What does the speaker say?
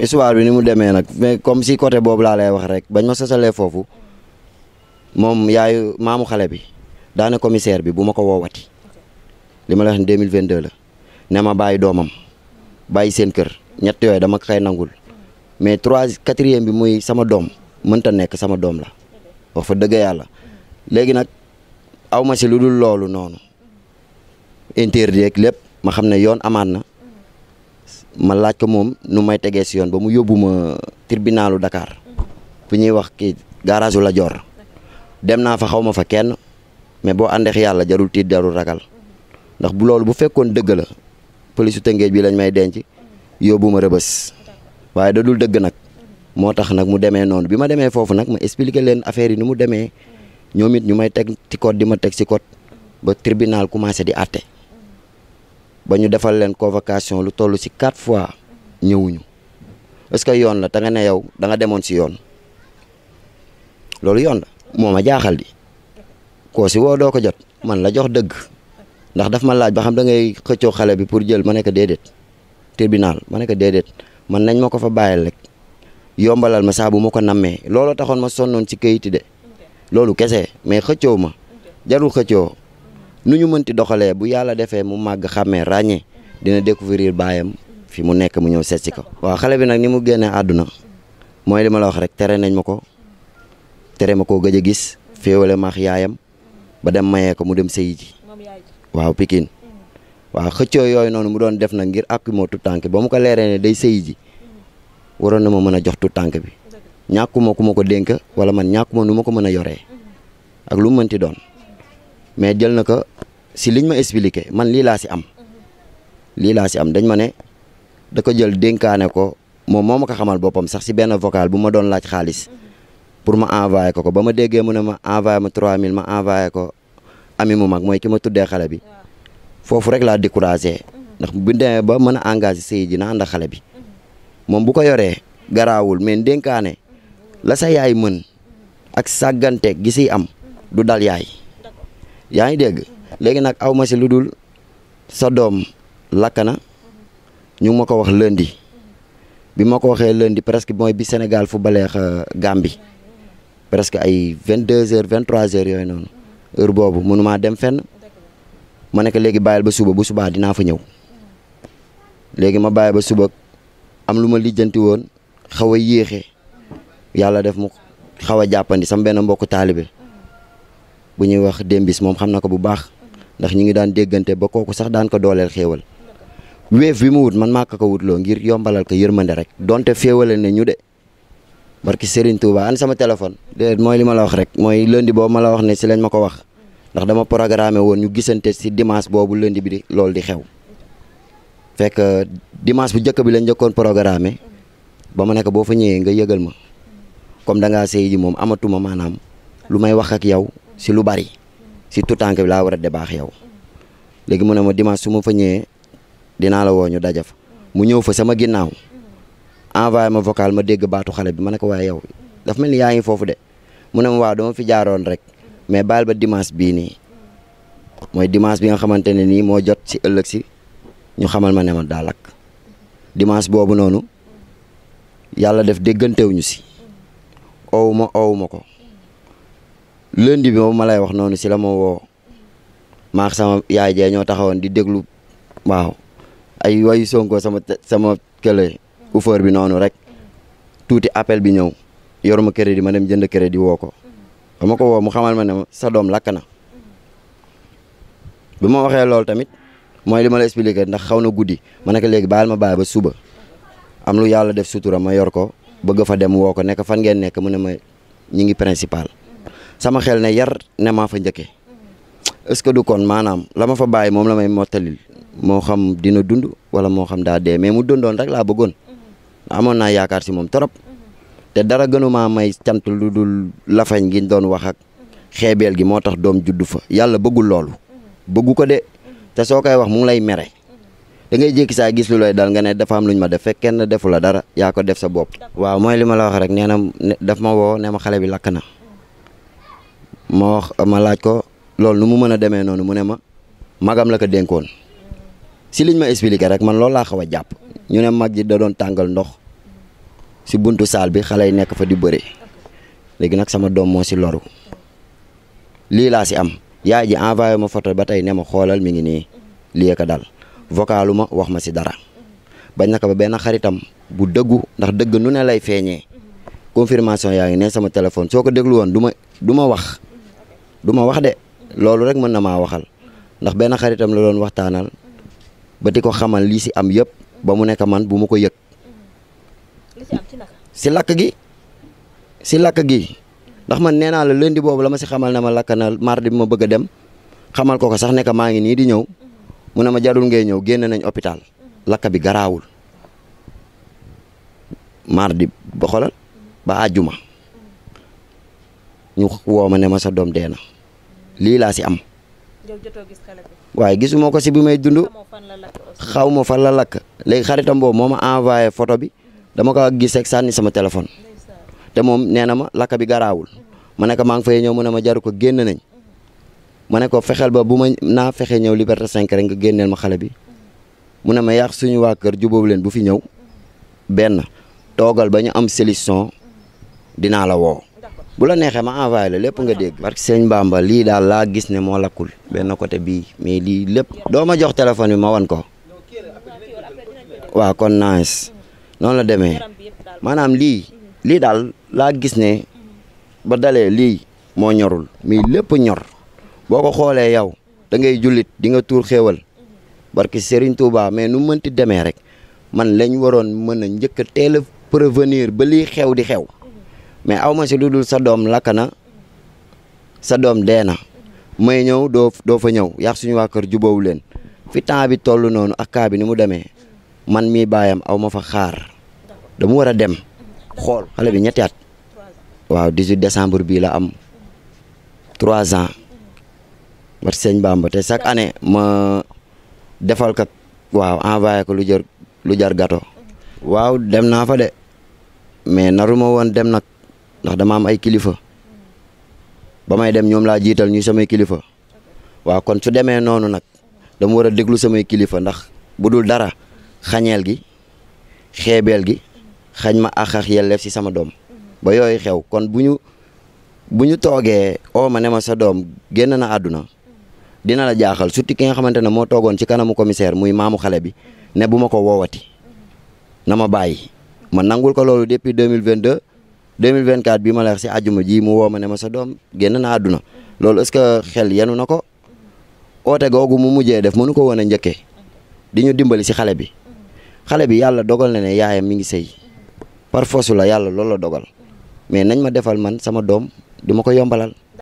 histoire bi ni mu demee nag mais comme si côté boobu laa lay wax rek bañ ma sosalee foofu moom yaayu maamu xale bi daane commissaire bi bu ma ko woowati li ma la wax ne de la ne ma bàyyi doomam bàyyi seen kër ñett yooyu dama koy nangul mais trois quatrième bi muy sama doom mënta nekk sama doom la wax fa dëgg yàlla léegi nag aw ma si lu dul loolu noonu interdit lépp ma xam ne yoon amaat na. ma laaj ko moom nu may tegee si yoon ba mu yóbbu ma tribunalu Dakar fu ñuy wax kii garage la Dior dem naa fa xaw ma fa kenn mais boo àndeex yàlla jarul tiit jarul ragal ndax bu loolu bu fekkoon dëgg la polisu Tëngéej bi lañ may denc yóbbu ma rëbës waaye da dul dëgg nag moo tax nag mu demee noonu bi ma demee foofu nag ma explique leen affaire yi ni mu demee ñoom it ñu may teg ci code di ma teg si code ba tribunal commencé di àtte. ba ñu defal leen convocation lu toll si quatre fois ñëwuñu parce que yoon la te nga ne yow da demoon si yoon loolu yoon la moo ma jaaxal di koo ci woo doo ko jot man la jox dëgg ndax dafa ma laaj ba xam da ngay xëccoo xale bi pour jël ma nekk déedéet tribunal ma nekk déedéet man nañ ma ko fa bàyyil rek yombalal ma saa bu ma ko nammee looloo taxoon ma sonnoon ci kayiti de loolu kese mais xëccoo ma jarul xëccoo. nu ñu mënti doxalee bu yàlla defee mu màgg xàmmee ràññee dina découvrir baayam fi mu nekk mu ñëw seet si ko. waaw xale bi nag ni mu génnee àdduna mooy li ma la wax rek tere nañ ma ko tere ma koo gëj a gis féewale maax ba dem mayee ko mu dem sëyi waaw pikin waaw xëccoo yooyu noonu mu doon def nag ngir àkki moo tu tànk ba mu ko leeree ne day sëyi ji waroon na ma mën a jox tu tànk bi ñàkkuma ku ma ko dénk wala man ñàkkuma nu ma ko mën a yoree ak lu mu mënti doon. mais jël na ko si liñ ma expliqué man lii laa si am lii laa si am dañ ma ne da ko jël dénkaane ko moom moom ma ko xamal boppam sax si benn vocal bu ma doon laaj xaalis pour ma envoyé ko ko ba ma déggee mu ne ma envoyé ma 3000 ma envoyé ko ami mu mag mooy ki ma tuddee xale bi foofu rek laa découragé ndax bu ba mën a engagé sëy ji na ànd xale bi moom bu ko yoree garaawul mais dénkaane la sa yaay mën ak saggante gi siy am du dal yaay yaa ngi dégg léegi nag aw ma si lu dul sa doom lakk na ñu ngi ma ko wax lëndi bi ma ko waxee lëndi presque mooy bi Sénégal fu baleex euh, Gambie presque ay vingt deux heures vingt trois heures yooyu noonu heure boobu mënumaa dem fenn ma nekk léegi bàyyil ba suba bu subaa dinaa fa ñëw léegi ma bàyyi ba suba am lu ma lijjanti woon xaw a yéexee yàlla def mu xaw a jàppandi sama benn mbokku taalibe bu ñuy wax Dembis moom xam na ko bu baax ndax ñu ngi daan déggante ba kooku sax daan ko dooleel xéewal weef bi mu wut man maa ko ko wutloo ngir yombalal ko yërmande rek donte féewale ne ñu de barki Serigne Touba an sama téléphone déedéet mooy li ma la wax rek mooy lundi boobu ma la wax ne si lañ ma ko wax ndax dama programmé woon ñu gisante si dimanche boobu lundi bi di loolu di xew fekk euh, dimanche bu njëkk bi lañ njëkkoon programmé ba ma nekk boo fa ñëwee nga yëgal ma comme da ngaa sëy moom amatuma maanaam lu may wax ak yow si lu bari si tout temps bi laa war a debaax yow léegi mu ne ma dimanche su ma fa ñëwee dinaa la woo ñu daje fa mu ñëw fa sama ginnaaw envoyé ma vocal ma dégg baatu xale bi ma ne ko waaye yow dafa mel ni yaa ngi foofu de mu ne ma waa dama fi jaaroon rek mais baal ba dimanche bii nii mooy dimance bi nga xamante ne nii moo jot si ëllëg si ñu xamal ma ne ma daa lakk dimanche boobu noonu yàlla def déggantewuñu si ow ma ow ma ko. lundi bi moom ma lay wax noonu si la ma woo maa sama yaay jee ñoo taxawoon di déglu waaw ay wayu Sonko sama sama kële uffeur bi noonu rek tuuti appel bi ñëw yor ma crédit ma dem jënd crédit woo ko ba ma ko woo mu xamal ma ne sa doom lakk na bi ma waxee loolu tamit mooy li ma la expliqué ndax xaw na guddi ma ne léegi baal ma baay ba suba am lu yàlla def sutura ma yor ko bëgg fa dem woo ko nekk fan ngeen nekk mu ne ma ñi ngi principal sama xel ne yar ne maa fa njëkkee est que du kon maanaam la ma fa bàyyi moom la may mottalil moo xam dina dund wala moo xam daa dee mais mu dundoon rek laa bëggoon amoon naa yaakaar si moom trop te dara gënumaa may cant lu dul lafañ gi doon wax ak xeebeel gi moo tax doom juddu fa yàlla bëggul loolu bëggu ko de te soo koy wax mu lay mere da ngay jékki saa gis lu lay dal nga ne dafa am lu ñu ma def fekk kenn defu la dara yaa ko def sa bopp. waaw mooy li ma la wax nee na daf ma woo ne ma xale bi lakk na. ma wax ma laaj ko loolu nu mu mën a demee noonu mu ne ma magam la ko dénkoon si liñ ma expliqué rek man loolu laa xaw a jàpp ñu ne mag ji da doon tàngal ndox si buntu saal bi xale yi nekk fa di bëri léegi nag sama doom moo si loru lii laa si am yaay ji envoyé ma photo ba tey ne ma xoolal mi ngi nii lii ko dal vocalu ma wax ma si dara bañ naka ba benn xaritam bu dëggu ndax dëgg nu ne lay feeñee confirmation yaa ngi ne sama téléphone soo ko déglu woon du ma du ma wax du ma wax de loolu rek mën na maa waxal ndax benn xaritam la doon waxtaanal ba di ko xamal lii si am yépp ba mu nekk man bu ma ko yëg si lakk gi si lakk gi ndax man nee naa la lundi boobu la ma si xamal ne ma lakkanal na mardi bi ma bëgg dem xamal ko ko sax ne maa ngi nii di ñëw mu ne ma jarul ngay ñëw génn nañ hôpital lakka bi garaawul mardi ba xolal ba àjjuma ñu woo ma ne ma sa doom dee na lii laa si am. waaye gisuma ko si bi may dund xaw ma fan la lakk léegi xaritam boobu moo ma envoyé photo bi dama ko gis rek sànni sama téléphone te moom nee na ma lakk bi garaawul ma nekk ko maa ngi fay ñëw mu ne ma jaru ko génn nañ ma ne ko fexeel ba bu ma naa fexe ñëw Liberté 5 rek nga génneel ma xale bi mu ne ma yàq suñu waa kër jubóobu leen bu fi ñëw benn toogal ba ñu am solution dinaa la woo bu la neexee ma envoyé la lépp nga dégg. parce que sëñ Bamba lii daal laa gis ne moo lakkul benn côté bii mais lii lépp. doo ma jox téléphone bi ma wan ko. waaw kon nice noonu la demee maanaam lii lii daal laa gis ne ba dalee lii moo ñorul mais lépp ñor boo ko xoolee yow da ngay jullit di nga tuur xéewal barki Serigne Touba mais nu mënti demee rek man lañ waroon mën a njëkk a teel a ba lii xew di xew. mais aw ma si lu dul sa doom lakk na sa doom dee na may ñëw doo doo fa ñëw yàq suñu waa kër jubóowu leen fi temps bi toll noonu ak kaa bi ni mu demee man mii baayam aw ma fa xaar damu war a dem xool xale bi ñetti at waaw 18 décembre bii la am trois ans war sëñ Bamba te chaque année ma defal ko waaw envoyé ko lu jër lu jar gato waaw dem naa fa de mais naru ma woon dem nag ndax dama am ay kilifa ba may dem ñoom laa jiital ñuy samay kilifa waaw kon su demee noonu nag dama war a déglu samay kilifa ndax bu dul dara xañeel gi xeebeel gi xañ ma àq ak yelleef si sama doom ba yooyu xew kon bu ñu bu ñu toogee oo ma ne ma sa doom génn na àdduna dina la jaaxal surtout ki nga xamante ne moo toogoon ci kanamu commissaire muy maamu xale bi ne bu ma ko woowati na ma bàyyi ma nangul ko loolu depuis 2024 bii ma la wax si àjjuma ji mu woo ma ne ma sa doom génn na àdduna loolu est que xel yenu na ko oote googu mu mujjee def mënu ko woon njëkkee di ñu dimbali si xale bi xale bi yàlla dogal na ne yaayam mi ngi sëy par force la yàlla loolu la dogal mais nañ ma defal man sama doom di ko yombalal.